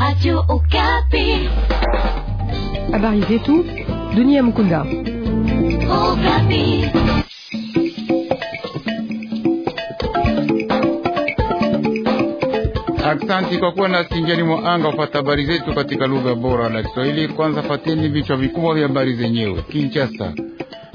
Radio Okapi. Habari ah zetu Dunia Mukunda. Okapi. Aksanti kwa kuwa na singeni mwa anga upata habari zetu katika lugha bora la Kiswahili. Kwanza fateni vichwa vikubwa vya habari zenyewe. Kinshasa.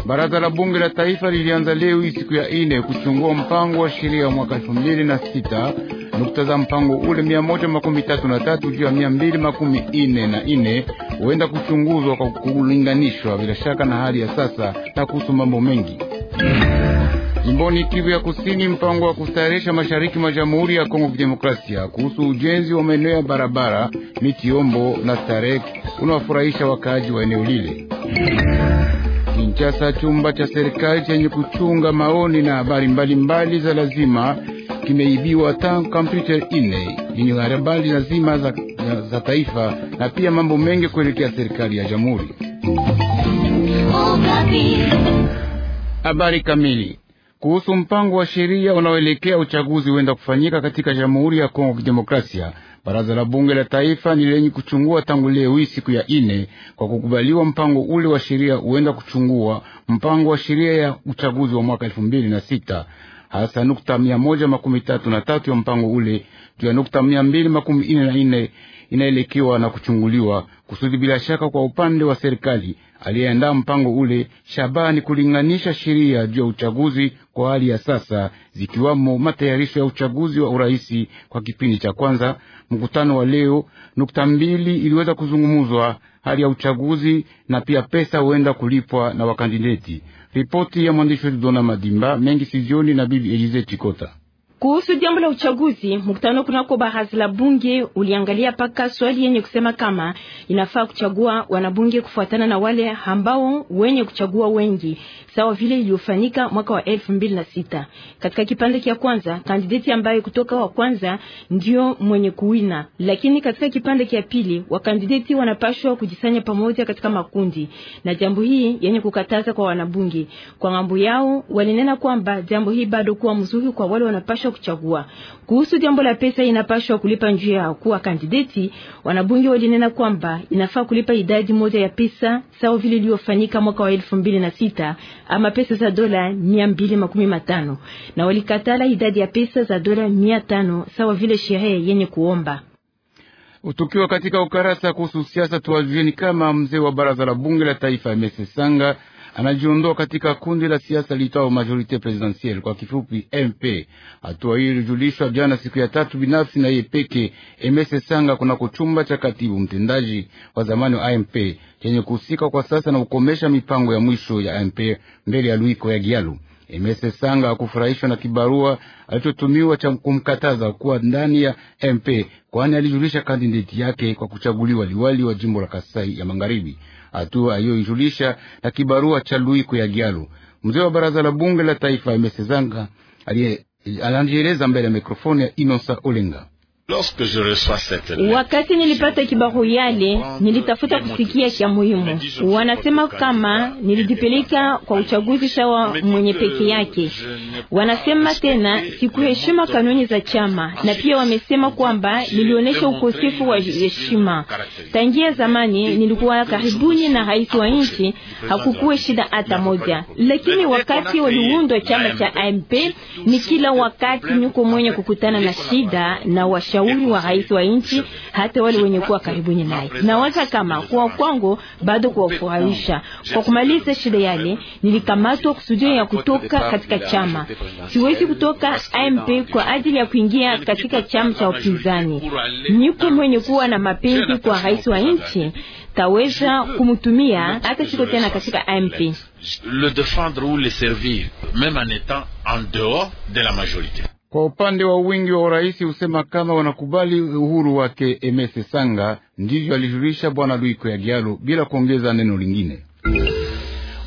Baraza la bunge la taifa lilianza leo siku ya ine kuchungua mpango wa sheria mwaka elfu mbili na sita nukta za mpango ule mia moja makumi tatu na tatu juu ya mia mbili makumi ine na ine huenda kuchunguzwa kwa kulinganishwa bila shaka na hali ya sasa na kuhusu mambo mengi Jimboni Kivu ya Kusini, mpango wa kustayarisha mashariki mwa Jamhuri ya Kongo Kidemokrasia kuhusu ujenzi wa maeneo ya barabara Mitiombo na Starek unawafurahisha wakaaji wa eneo lile. Kinshasa, chumba cha serikali chenye kuchunga maoni na habari mbalimbali za lazima kimeibiwa tangu kompyuta ine yenye habari lazima za, za, za taifa na pia mambo mengi kuelekea serikali ya jamhuri. Habari kamili kuhusu mpango wa sheria unaoelekea uchaguzi huenda kufanyika katika Jamhuri ya Kongo Kidemokrasia. Baraza la bunge la taifa ni lenye kuchungua tangu leo hii siku ya ine kwa kukubaliwa mpango ule wa sheria huenda kuchungua mpango wa sheria ya uchaguzi wa mwaka elfu mbili na sita hasa nukta mia moja makumi tatu na tatu ya mpango ule juu ya nukta mia mbili makumi ine na ine inaelekewa na kuchunguliwa kusudi bila shaka kwa upande wa serikali aliyeandaa mpango ule shabani kulinganisha sheria juu ya uchaguzi kwa hali ya sasa, zikiwamo matayarisho ya uchaguzi wa uraisi kwa kipindi cha kwanza. Mkutano wa leo, nukta mbili iliweza kuzungumuzwa hali ya uchaguzi na pia pesa huenda kulipwa na wakandideti. Ripoti ya mwandishi wetu Dona Madimba mengi sizioni na bibi Elize Chikota. Kuhusu jambo la uchaguzi, mkutano kunako baraza la bunge uliangalia paka swali yenye kusema kama inafaa kuchagua wanabunge kufuatana na wale ambao wenye kuchagua wengi, sawa vile iliyofanyika mwaka wa elfu mbili na sita. Katika kipande cha kwanza, kandidati ambaye kutoka wa kwanza ndio mwenye kuwina, lakini katika kipande cha pili wakandidati wanapashwa kujisanya pamoja katika makundi, na jambo hii yenye kukataza kwa wanabunge. Kwa ngambo yao walinena kwamba jambo hii bado kuwa mzuri kwa wale wanapashwa kuweza kuchagua. Kuhusu jambo la pesa inapashwa kulipa njia ya kuwa kandideti, wanabunge walinena kwamba inafaa kulipa idadi moja ya pesa sawa vile iliyofanyika mwaka wa elfu mbili na sita ama pesa za dola mia mbili makumi matano na walikatala idadi ya pesa za dola mia tano sawa vile sherehe yenye kuomba Tukiwa katika ukarasa kuhusu siasa, tuwazieni kama mzee wa baraza la bunge la taifa Mese Sanga anajiondoa katika kundi la siasa liitwao Majorite Presidentielle, kwa kifupi MP. Hatua hiyo ilijulishwa jana siku ya tatu binafsi na yeye peke Emese Sanga kunako chumba cha katibu mtendaji wa zamani wa AMP chenye kuhusika kwa sasa na kukomesha mipango ya mwisho ya AMP mbele ya Luiko ya Gialu. Emese Sanga hakufurahishwa na kibarua alichotumiwa cha kumkataza kuwa ndani ya MP, kwani alijulisha kandideti yake kwa kuchaguliwa liwali wa jimbo la Kasai ya Magharibi, hatua aliyoijulisha na kibarua cha Lui Kuyagialo. Mzee wa baraza la bunge la taifa Emese Sanga mbele ya mikrofoni ya Inosa Olenga. Wakati nilipata kibaru yale, nilitafuta kusikia cha muhimu. Wanasema kama nilijipeleka kwa uchaguzi sawa mwenye peke yake. Wanasema tena sikuheshima kanuni za chama, na pia wamesema kwamba nilionyesha ukosefu wa heshima. Tangia zamani nilikuwa karibuni na rais wa nchi, hakukuwa shida hata moja, lakini wakati waliundwa chama cha AMP ni kila wakati niko mwenye kukutana na shida na washa ushauri wa rais wa nchi, hata wale wenye kuwa karibuni naye. Nawaza kama kwa kwangu bado kuwafurahisha. Kwa kumaliza shida yale, nilikamatwa kusudio ya kutoka katika chama. Siwezi kutoka AMP kwa ajili ya kuingia katika chama cha upinzani. Niko mwenye kuwa na mapenzi kwa rais wa nchi, taweza kumtumia hata siko tena katika AMP. Le défendre ou le servir, même en étant en dehors de la majorité. Kwa upande wa wingi wa urais husema kama wanakubali uhuru wake. Emese Sanga ndivyo alijulisha bwana Luiko ya bila kuongeza neno lingine.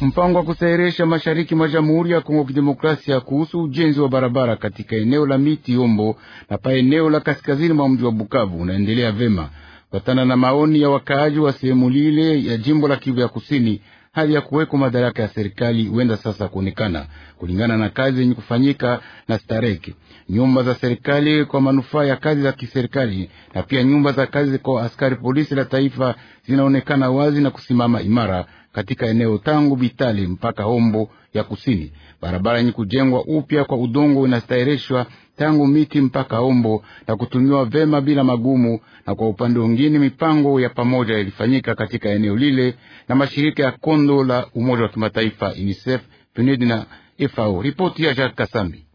Mpango wa kusaheresha mashariki mwa Jamhuri ya Kongo Kidemokrasia kuhusu ujenzi wa barabara katika eneo la miti Yombo na pa eneo la kaskazini mwa mji wa Bukavu unaendelea vema, patana na maoni ya wakaaji wa sehemu lile ya jimbo la Kivu ya Kusini hali ya kuwekwa madaraka ya serikali huenda sasa kuonekana kulingana na kazi yenye kufanyika na stareki, nyumba za serikali kwa manufaa ya kazi za kiserikali na pia nyumba za kazi kwa askari polisi la taifa zinaonekana wazi na kusimama imara katika eneo tangu bitali mpaka Hombo ya kusini. Barabara yenye kujengwa upya kwa udongo inastahirishwa tangu miti mpaka ombo na kutumiwa vema bila magumu. Na kwa upande mwingine, mipango ya pamoja ilifanyika katika eneo lile na mashirika ya kondo la Umoja wa Kimataifa, UNICEF, PNUD na FAO. Ripoti ya Jacques Kasambi.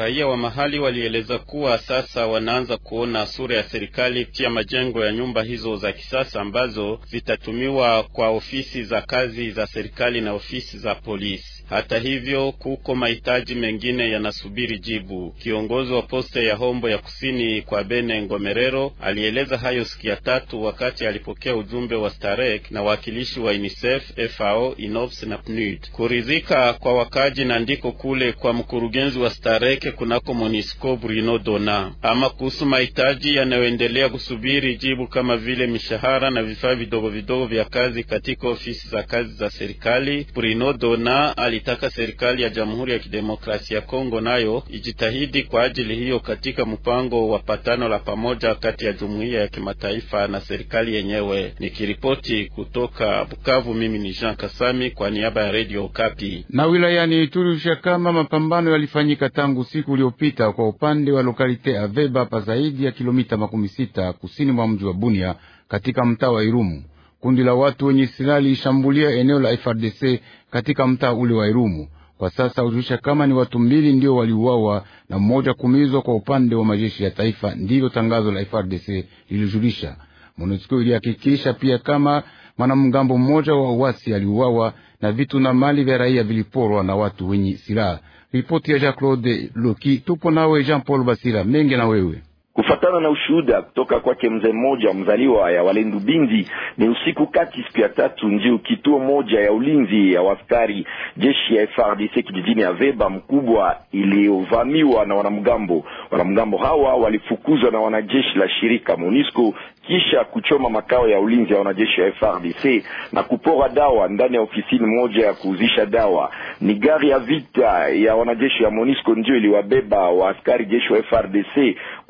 Raia wa mahali walieleza kuwa sasa wanaanza kuona sura ya serikali pia majengo ya nyumba hizo za kisasa ambazo zitatumiwa kwa ofisi za kazi za serikali na ofisi za polisi. Hata hivyo, kuko mahitaji mengine yanasubiri jibu. Kiongozi wa posta ya Hombo ya Kusini kwa Bene Ngomerero alieleza hayo siku ya tatu wakati alipokea ujumbe wa Starek na wawakilishi wa UNICEF, FAO, INOPS na PNUD. Kuridhika kwa wakaji na ndiko kule kwa mkurugenzi wa Starek yake kunako Monisco Bruno Dona. Ama kuhusu mahitaji yanayoendelea kusubiri jibu kama vile mishahara na vifaa vidogo vidogo vya kazi katika ofisi za kazi za serikali, Bruno Dona alitaka serikali ya Jamhuri ya Kidemokrasia ya Kongo nayo ijitahidi kwa ajili hiyo katika mpango wa patano la pamoja kati ya jumuiya ya kimataifa na serikali yenyewe. Nikiripoti kutoka Bukavu, mimi ni Jean Kasami kwa niaba ya Radio Kapi. Na wilayani Ituri, kama mapambano yalifanyika tangu usiku uliopita kwa upande wa lokalite Aveba pa zaidi ya kilomita makumi sita kusini mwa mji wa Bunia katika mtaa wa Irumu. Kundi la watu wenye silaha lilishambulia eneo la FRDC katika mtaa ule wa Irumu. Kwa sasa hujulisha kama ni watu mbili ndio waliuawa na mmoja kumizwa kwa upande wa majeshi ya taifa, ndivyo tangazo la FRDC lilijulisha. MONUSCO ilihakikisha pia kama mwanamgambo mmoja wa uasi aliuawa na vitu na mali vya raia viliporwa na watu wenye silaha. Ripoti ya Jean Claude Loki. Tupo nawe Jean Paul Basila Menge na wewe Kufatana na ushuhuda kutoka kwake mzee mmoja mzaliwa ya Walendu Bindi, ni usiku kati siku ya tatu ndio kituo moja ya ulinzi ya waskari jeshi ya frdc kijijini veba mkubwa iliyovamiwa na wanamgambo. Wanamgambo hawa walifukuzwa na wanajeshi la shirika monisco kisha kuchoma makao ya ulinzi ya wanajeshi wa frdc na kupora dawa ndani ya ofisini moja ya kuuzisha dawa. Ni gari ya vita ya wanajeshi ya monisco ndio iliwabeba waaskari jeshi wa frdc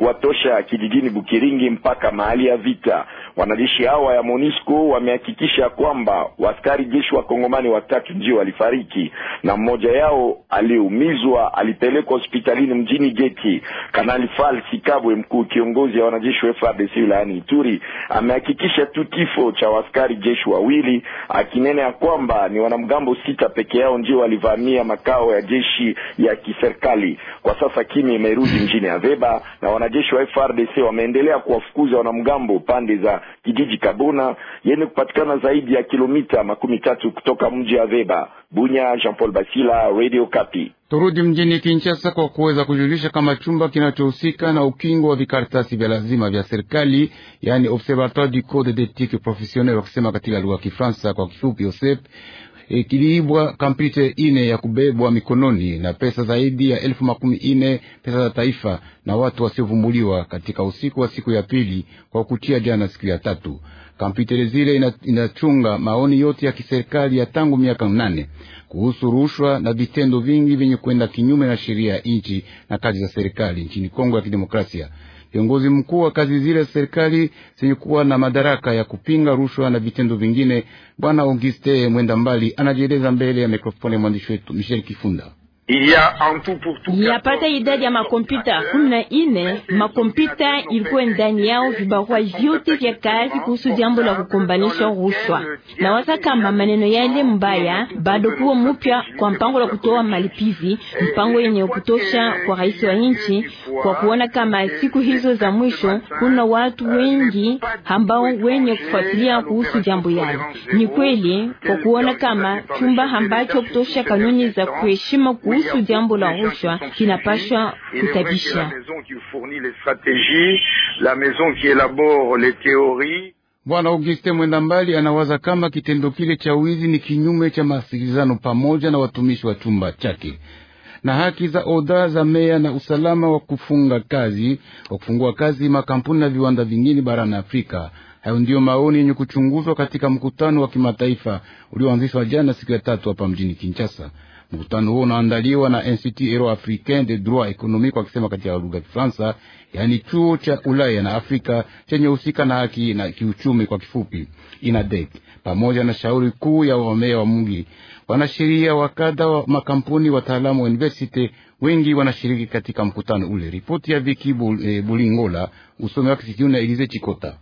kuwatosha kijijini Bukiringi mpaka mahali ya vita. Wanajeshi hao wa monisco wamehakikisha kwamba askari jeshi wa kongomani watatu ndio walifariki na mmoja yao aliumizwa, alipelekwa hospitalini mjini Geti. Kanali Falsi Kabwe, mkuu kiongozi wa wanajeshi wa FARDC wilayani Ituri, amehakikisha tu kifo cha askari jeshi wawili, akinena ya kwamba ni wanamgambo sita peke yao ndio walivamia makao ya jeshi ya kiserikali. Kwa sasa kimi imerudi mjini Aveba na wanajeshi wa FARDC wameendelea kuwafukuza wanamgambo pande za kijiji Kabona yenye kupatikana zaidi ya kilomita makumi tatu kutoka mji wa Veba. Bunya, Jean Paul Basila, Radio Kapi. Turudi mjini Kinshasa kwa kuweza kujulisha kama chumba kinachohusika na ukingo wa vikaratasi vya lazima vya serikali, yaani Observatoire du Code d'Etique professionnel wakisema katika lugha ya Kifransa, kwa kifupi OSEP e, kiliibwa kampyuta ine ya kubebwa mikononi na pesa zaidi ya elfu makumi ine pesa za taifa na watu wasiovumbuliwa katika usiku wa siku ya pili kwa kuchia jana siku ya tatu. Kampyuta zile inachunga maoni yote ya kiserikali ya tangu miaka mnane kuhusu rushwa na vitendo vingi vyenye kwenda kinyume na sheria ya nchi na kazi za serikali nchini Kongo ya Kidemokrasia viongozi mkuu wa kazi zile serikali zenye kuwa na madaraka ya kupinga rushwa na vitendo vingine, Bwana Auguste Mwenda Mbali anajieleza mbele ya mikrofoni ya mwandishi wetu Michel Kifunda pata idadi ya makompyuta kumi na ine. Makompyuta ilikuwa ndani yao vibarua vyote vya kazi kuhusu jambo la kukombanisha rushwa na wasa kama maneno yale mbaya bado kuwa mupya kwa mpango la kutoa malipizi, mpango yenye kutosha kwa rais wa nchi, kwa kuona kama siku hizo za mwisho kuna watu euh, wengi ambao wenye kufuatilia kuhusu jambo yale. Ni kweli kwa kuona kama chumba ambacho kutosha kanuni za kuheshima kuhusu kuhusu jambo la rushwa kinapashwa kutabisha Bwana Auguste Mwenda Mbali anawaza kama kitendo kile cha wizi ni kinyume cha masikilizano pamoja na watumishi wa chumba chake na haki za oda za meya na usalama wa kufunga kazi wa kufungua kazi makampuni na viwanda vingine barani Afrika. Hayo ndiyo maoni yenye kuchunguzwa katika mkutano wa kimataifa ulioanzishwa jana siku ya tatu hapa mjini Kinshasa. Mkutano huo unaandaliwa na Institut Euro Africain de Droit Economique, wakisema kisema katika lugha ya Kifaransa, yaani chuo cha Ulaya na Afrika chenye husika na haki na kiuchumi, kwa kifupi INADEC, pamoja na shauri kuu ya wamea wa mungi wanasheria wa kadha wa makampuni, wataalamu wa university wengi wanashiriki katika mkutano ule. Ripoti ya Viki eh, Bulingola, usomi wake Elize Chikota.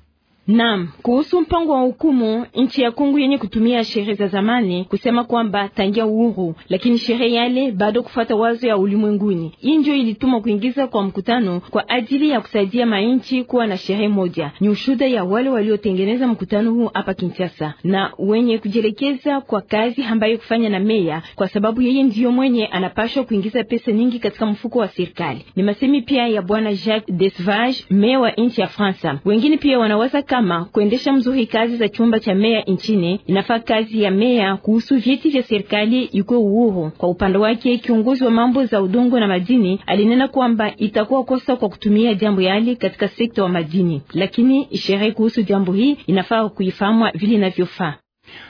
Naam, kuhusu mpango wa hukumu nchi ya Kongo yenye kutumia sheria za zamani kusema kwamba tangia uhuru, lakini sheria yale bado kufuata wazo ya ulimwenguni. Hii ndio ilituma kuingiza kwa mkutano kwa ajili ya kusaidia mainchi kuwa na sheria moja. Ni ushuda ya wale waliotengeneza mkutano huu hapa Kinshasa na wenye kujielekeza kwa kazi ambayo kufanya na meya, kwa sababu yeye ndiyo mwenye anapashwa kuingiza pesa nyingi katika mfuko wa serikali. Ni masemi pia ya bwana Jacques Desvage, meya wa nchi ya Fransa. Wengine pia wanawaza kama kuendesha mzuri kazi za chumba cha meya nchini, inafaa kazi ya meya kuhusu vyeti vya serikali yuko uhuru. Kwa upande wake, kiongozi wa mambo za udongo na madini alinena kwamba itakuwa kosa kwa kutumia jambo yali katika sekta wa madini, lakini sherehe kuhusu jambo hii inafaa kuifahamwa vile inavyofaa.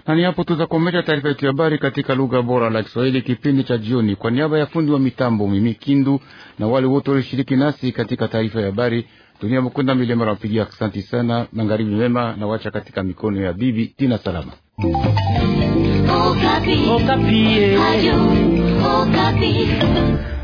Na ni hapo tuzakomesha taarifa yetu ya habari katika lugha bora la Kiswahili kipindi cha jioni. Kwa niaba ya fundi wa mitambo mimi Kindu na wale wote walioshiriki nasi katika taarifa ya habari, dunia Mkunda Milema nampigia asante sana, magharibi mema, na wacha katika mikono ya bibi Tina Salama. Okapi. Oh, Okapi. Oh, Okapi.